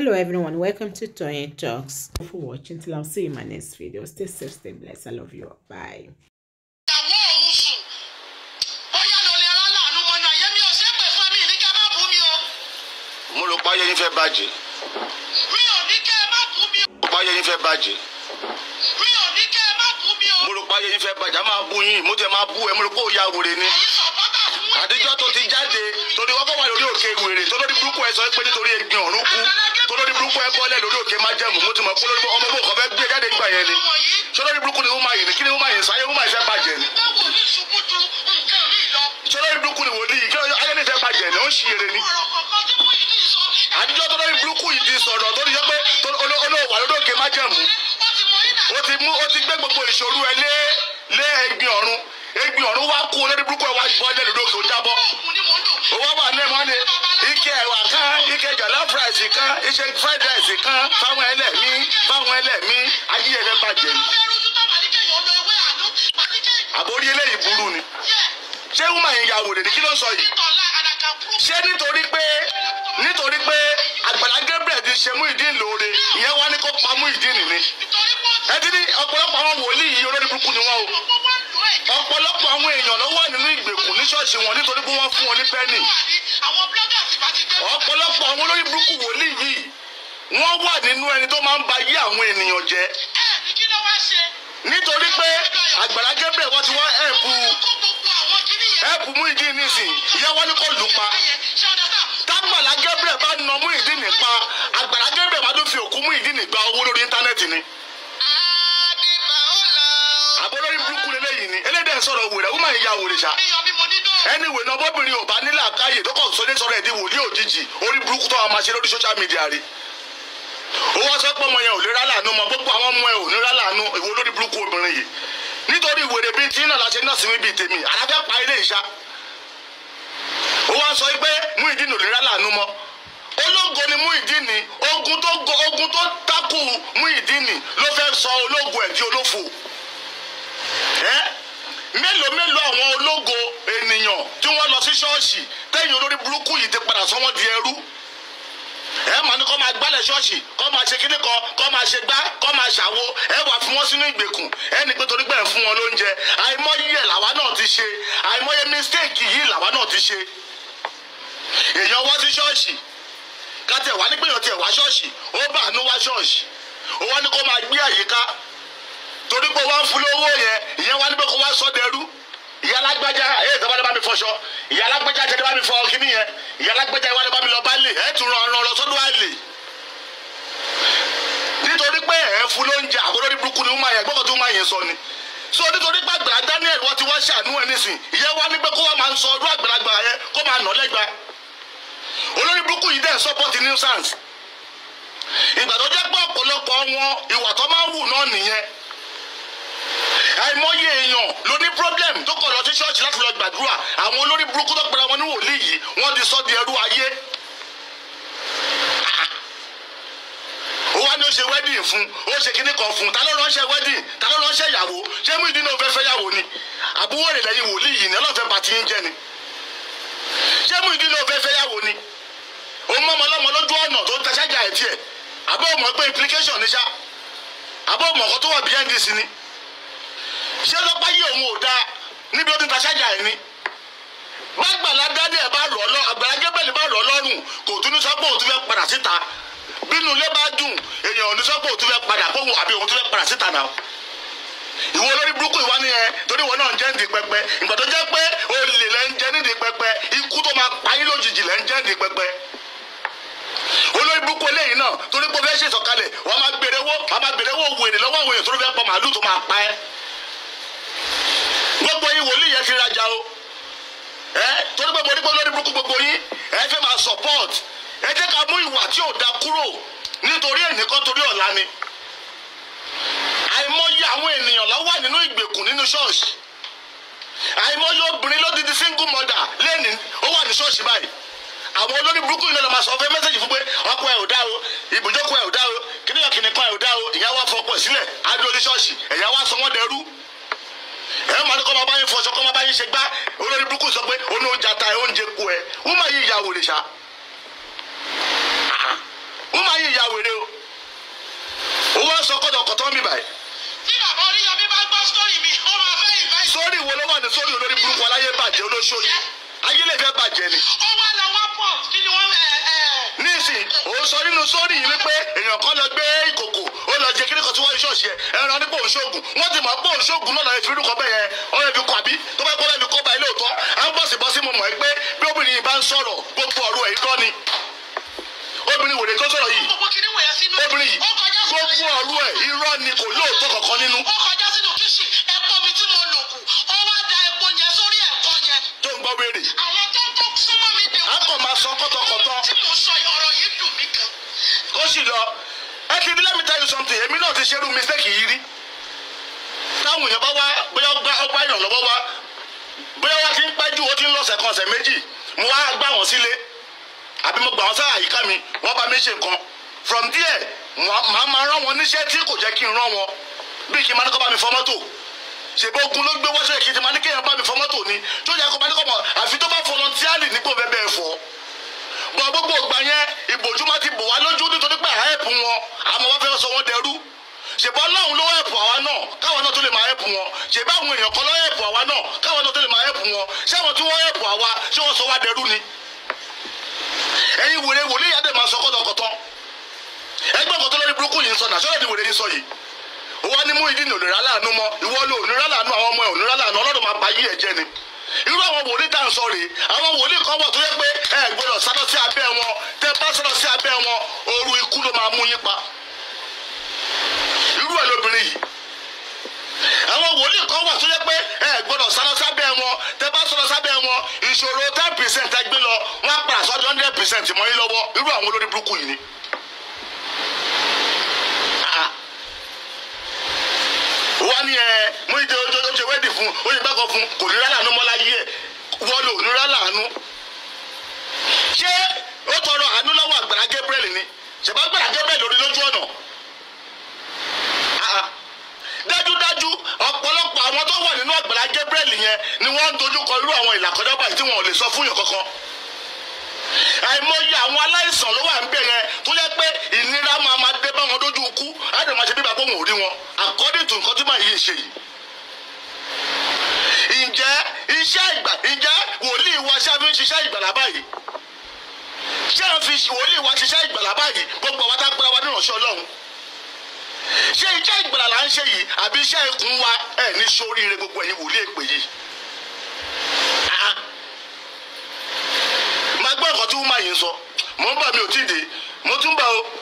hello everyone welcome to Toyin Talks Thank you for watching till I see you in my next video stay safe stay blessed i love you all. bye mo rò páyé yín fẹ́ bàjẹ́. mi ò ní kẹ́ ẹ má mi. mo rò páyé yín fẹ́ mi ò ní kẹ́ ẹ má mi o. mo rò páyé yín fẹ́ bàjẹ́ a máa bú mo tẹ máa bú ẹ mo rò pé ya wèrè ni. àtijọ́ tó ti jáde torí wọ́n kọ́ wà lórí òkè wèrè tó lórí burúkú ẹ sọ pé nítorí ẹ̀gbin ọ̀run kú ń bọ́ ẹ bọ́lẹ̀ lórí òkè má jẹ̀mú mo ti mọ̀ pé ọmọ bò kọ́ fẹ́ gbé jáde nígbà yẹn ni sọlọ́rí burúkú ni woman yìí ni kí ni woman yìí sáyé woman yìí fẹ́ bàjẹ́ ni sọlọ́rí burúkú ni wòlíì kí ayé ni fẹ́ bàjẹ́ ni ó ń ṣiyèrè ni àdìjọ́ tọ́lọ́rí burúkú yìí ti sọ̀rọ̀ tó ti yọ pé olówó lórí òkè má jẹ̀mú ó ti gbé gbogbo ìṣòro ẹ lé ẹgbin ọ̀run Ebi ọ̀run wá kú olórí burúkú ẹ̀ wá ṣùgbọ́n lẹ́nu lókè ó jábọ́ owó wà ní mọ́ni ike ẹ̀wà kan ike jollof rice kan ike fried rice kan fáwọn ẹlẹ́mí fáwọn ẹlẹ́mí ayé ẹ̀fẹ́ bàjẹ́ ni àbórí eléyìí burú ni ṣé woman yìí yàwó lè ní kí ló sọ yìí ṣé nítorí pé nítorí pé Àgbàlá Gabriel ti ṣe Muyideen lóore ìyẹn wá ní kó pa Muyideen ni ẹ ti ní ọ̀pọ̀lọpọ̀ àwọn wòlíì yìí olórí burúkú ni wọ́n o ọ̀pọ̀lọpọ̀ àwọn èèyàn ló wà nínú ìgbèkùn ní ṣọ́ọ̀ṣì wọn nítorí pé wọ́n fún wọn ní pẹ́ẹ́nì ọ̀pọ̀lọpọ̀ àwọn olórí burúkú wòlíì yìí wọ́n wà nínú ẹni tó máa ń ba ayé àwọn ènìyàn jẹ́ nítorí pé àgbàlá Gabriel wọ́n ti wá ẹ̀bù ẹ̀bù mú ìdí nísìn ìyá wọn ni kò lù pa tágbàlá Gabriel bá nà mú ìdí nípa àgbàlá Gabriel wàá tó fi òkú mú ìdí nígbà owó lórí íńtánẹ́ẹ̀tì ni. ya wòlé ṣá anyway náà bóbìnrin ò bá nílà káyè tó kàn sọdé sọ̀rọ̀ ẹdín wòlíì òjijì orí burúkú tó máa ṣe lórí social media rí ó wá sọ pé ọmọ yẹn ò lè rálàánú mọ gbogbo àwọn ọmọ yẹn ò ní rálàánú ìwọ lórí burúkú obìnrin yìí nítorí ìwèrè bíi tí náà la ṣe nọ́ọ̀sì mi bíi tèmi àlàfẹ́ pa ilé ìṣá ó wá sọ pé mú ìdínà ò lè rálàánú mọ́ ológo ni Muyideen ogun tó go ogun tó takù Muyideen ló fẹ́ sọ ológo ẹ̀ di olófo mélòó mélòó àwọn ológo ènìyàn tí wọ́n lọ sí ṣọ́ọ̀ṣì tẹ́yìn olórí burúkú yìí ti padà sọ wọ́n di ẹrú ẹ máa ní kọ́ máa gbálẹ̀ ṣọ́ọ̀ṣì kọ́ máa ṣe kíní kan kọ́ máa ṣe gbá kọ́ máa ṣàwo ẹ wà fún wọn sínú ìgbèkùn ẹni pé torí pé ẹ̀ fún wọn lóúnjẹ àìmọye ẹ̀ làwa náà ti ṣe àìmọye mistake yìí làwa náà ti ṣe èèyàn wá sí ṣọ́ọ̀ṣì ká tẹ̀ wá nígbèyàn tẹ̀ wá ṣọ́ọ̀ṣì ó bá àánú wá ṣọ́ọ̀ṣì ó wá ní kó máa gbé àyíká torí pé wọ́n ń fún lówó yẹn ìyẹn wá níbẹ̀ kó wá sọ dẹrú ìyá alágbájá ẹ̀ tọ́ba lè bá mi fọṣọ ìyá alágbájá tẹ́lẹ̀ bá mi fọ kíní yẹn ìyá alágbájá ìwà lè bá mi lọ bá lè ẹ̀ tún ràn ràn lọ sọ́dọ̀ àlè nítorí pé ẹ̀ fún lóúnjẹ àbúrò ní burúkú ni wọ́n yẹn gbọ́kọ̀ tí wọ́n yẹn sọ ni so nítorí pé àgbàlá Daniel wọ́n ti wá ṣàánú ẹ̀ nísìn ìyẹn wá nígbẹ́ kó wá máa ń sọ ọdún àgbàlagbà yẹn kó máa nà lẹ́gba olórí burúkú yìí dẹ̀ support nuisance ìgbà tó pé ọ̀pọ̀lọpọ̀ wọn ìwà tó máa ń wù náà nìyẹn àìmọye èèyàn ló ní problem tó kọ̀ lọ sí ṣọ́ọ̀ṣì láti lọ gbàdúrà àwọn olórí burúkú tó pera wọn ní wòlíì yìí wọ́n ti sọ di ẹrú ayé. ó wá ní ó ṣe wedding fún ó ṣe kinní kan fún ta ló ránṣẹ́ wedding ta ló ránṣẹ́ ìyàwó ṣé mú ìdí náà fẹ́ fẹ́ yàwó ni àbúrò rẹ̀ lẹ́yìn wòlíì yìí ni ọlọ́fẹ́ pàtí ń jẹ ni ṣé mú ìdí náà fẹ́ fẹ́ yàwó ni ó mọ ọmọ ọlọ́mọ lójú ọ̀nà tó ń taṣájà ẹ̀ tiẹ̀ àbọ̀ ọmọ pé implication ní ṣá àbọ̀ ọmọ ọkọ tó wà bíi ndc ni ṣé lọ́pá yìí òun ò dáa níbi ó ti ta ṣájà ẹ̀ ni gbàgbàlá dáadé ẹ̀ bá rọ̀ lọ àgbàlá gébẹ̀lì bá rọ̀ lọ́rùn kò tún ní sọ́pọ̀ òtún fẹ́ padà síta bínú ilé bá dùn èèyàn ò ní sọ́pọ̀ òtún fẹ́ padà fóun àbí òun tún fẹ́ padà síta náà ìwọ olórí burúkú ìwá ni ẹ torí ìwọ náà ń jẹ ní pẹpẹ ìgbà tó jẹ pé olè lẹ ń jẹ ní pẹpẹ ikú tó máa pa yín lójijì lẹ ń jẹ ní pẹpẹ olórí burúkú eléyìí náà torí pé o fẹ́ ṣèṣọ̀kalẹ̀ wọ́n máa gbèrè owó wọ́n máa gbèrè owó òwò èrè lọ́wọ́ àwọn èèyàn tó fẹ́ pọ̀ màálù tó máa pa ẹ́ gbogbo yín wòlíì yẹn ti rajà o ẹ torí pé mo ní pé lórí burúkú gbogbo yín ẹ fẹ́ máa support ẹ jẹ́ ká mú ìwà tí ò da kúrò nítorí ẹnìkan torí ọ̀la ni àìmọye àwọn ènìyàn ló wà nínú ìgbèkùn nínú ṣọ́ọ̀ṣì àìmọye obìnrin lódìdí single mother lẹ́ni ó wà ní ṣọ́ọ̀ṣì báyìí àwọn olórí burúkú yìí lọ́nà máa sọ fẹ́ mẹ́sẹ̀gì fún pé ọkọ ẹ̀ ò dá o ibùjókòó ẹ̀ ò dá o kíníyàn kìnìkan ẹ̀ ò dá o ìyá wa fọkọ ẹ̀ á dúró ní ṣọ́ọ̀ṣì ẹ̀yà wa sọ wọ́n dẹrú ẹ máa ní kọ́ máa bá yín fọṣọ kọ́ máa bá yín ṣe gbá olórí burúkú sọ pé olóúnjà ta oúnjẹ kú ẹ wọ́n máa yí ìyá wèrè ṣá wọ́n máa yí ìyá wèrè o ó wá sọ kọ́dọ̀ kọ́tọ́ mi báyìí. tí bàbá oríyọmí bá gbọ́ sórí mi ó máa fẹ́ ìfẹ́. sórí wo ló wà ní sórí olórí burúkú aláyé bàjẹ́ olóṣòyí ayé lè fẹ́ bàjẹ́ ni. ó wá lọ wá pọ̀ jẹ kíní kan tí wọ́n rí ṣọ́ọ̀ṣì yẹn ẹran ní bòun ṣoògùn wọ́n ti mọ̀ bòun ṣoògùn náà láì fi bẹ́ẹ̀ yẹn ọ̀rẹ́ mi kọ àbí tó bá kọ́ lẹ́mi kọ́ bá ilé à ń bọ̀sì bọ́sí mo mọ̀ ẹ́ pé bí obìnrin yìí bá ń sọ̀rọ̀ gbogbo ọ̀rọ̀ ẹ̀ irọ́ ni obìnrin wòlé tó sọ̀rọ̀ yìí obìnrin yìí gbogbo ọ̀rọ̀ ẹ̀ irọ́ ni kò lóòótọ́ kankan nínú. ó kọjá sínú kíṣì ẹ̀pọ̀ mi tí mo lò kù ó wá da ẹ ti let me tell you something èmi náà ti ṣerú mistake yìí rí táwọn èèyàn bá wá bóyá ọgbà ọgbà ìrànlọ́wọ́ wá bóyá wá ti ń pẹ́jù ó ti ń lọ́sẹ̀ kan ọ̀sẹ̀ méjì mo wá gbà wọ́n sílé àbí mo gbà wọ́n sáà àyíká mi wọ́n bá mi ṣe nǹkan from there màá máa rán wọn níṣẹ́ tí kò jẹ́ kí n rán wọn bí kí n máa ní kó bá mi fọ mọ́tò ṣèbó ogun ló gbé wọ́ṣọ ìkìtì máa ní kéèyàn bá mi fọ mọ́tò ni tó yẹ kó bá ní kó mọ̀ àfi tó bá fọlọ́ntíálì nípò bẹ́ẹ̀ bẹ́ẹ̀ fọ́ bọ́ gbogbo ìgbà yẹn ìbòjú máa ti bò wá lójú nítorí pé àhẹ́pù wọn sọ wọ́n dẹrú ṣèbọ Ọlọ́run ló ẹ̀pù àwa náà káwọn náà tó lè máa ẹ̀pù wọn ṣèbá àwọn èèyàn kan ló ẹ̀pù àwa náà káwọn náà tó lè máa ẹ̀pù wọn ṣé àwọn tí wọ́n ẹ̀pù àwa ṣé wọ́n sọ wá dẹrú ni. ẹ̀yin wèrè wòlíì adé máa sọ kọ́tọ̀kọ́tọ̀ ẹgbẹ́ kan tó lórí burúkú yìí ń sọ náà sọ́dọ̀ ni wèrè yìí sọ yìí wọ́n ní mú ìdí ní òlùrà láàánú mọ́ ìwọ ló òlùrà láàánú àwọn ọmọ ẹ̀ òlùrà láàánú ọlọ́dún máa pa yí ẹ̀ jẹ́ ni irú àwọn wòlíì tá à ń sọ rèé àwọn wòlíì kan wọ̀ tó yẹ pé ẹ gbọ́dọ̀ sádọ́ sí abẹ́ wọn tẹ́ bá sádọ́ sí abẹ́ wọn ooru ikú ló máa mú yín pa olúwa lóbìnrin yìí àwọn wòlíì kan wà tó yẹ pé ẹ gbọ́dọ̀ sálọ sábẹ́ wọn tẹ́ bá sọ̀rọ̀ sábẹ́ wọn ìṣòro ten percent ẹ gbé lọ wọn á padà sọ́jọ́ hundred percent mọ́ yín lọ́wọ́ irú àwọn olórí burúkú yìí ni. Ah. wọ́n ní ẹ mú ìdè ojoojó ṣe wẹ́ẹ̀dì fún oyin bá kọ fún kò ní rálà àánú mọ́lá yí ẹ̀ wọ́n lò ní rálà àánú. ṣé ó tọrọ àánú lọ́wọ́ àgbàrá Gabriel ni ṣèbá àgbàrá Gabriel lórí lójú ọ̀nà. Ísírẹ́lì yẹn ni wọ́n ń dojúkọ irú àwọn ìlàkọjá báyìí tí wọn ò lè sọ fún yàn kankan àìmọye àwọn aláìsàn ló wà ń bẹ̀ tó yẹ pé ìnira máa ma dé bá wọn dójú ikú á máa ṣe bí bàbá òun ò rí wọn according to nǹkan tí màá yìí ṣe yìí ǹjẹ́ iṣẹ́ ìgbà ǹjẹ́ wòlíì wa ṣe fi ń ṣiṣẹ́ ìgbàlá báyìí ṣé à ń wòlíì wa ṣiṣẹ́ ìgbàlá báyìí gbogbo àwọn ṣé iṣẹ́ ìgbàlà là ń ṣe yìí àbí iṣẹ́ ikùn wa ẹ̀ ní sóríire gbogbo ẹ̀yin wòlíì èpè yìí. máa gbọ́ ọ̀kan tí wọ́n máa yìí sọ mò ń bà mí ò tí ì dé mo tún bà ó.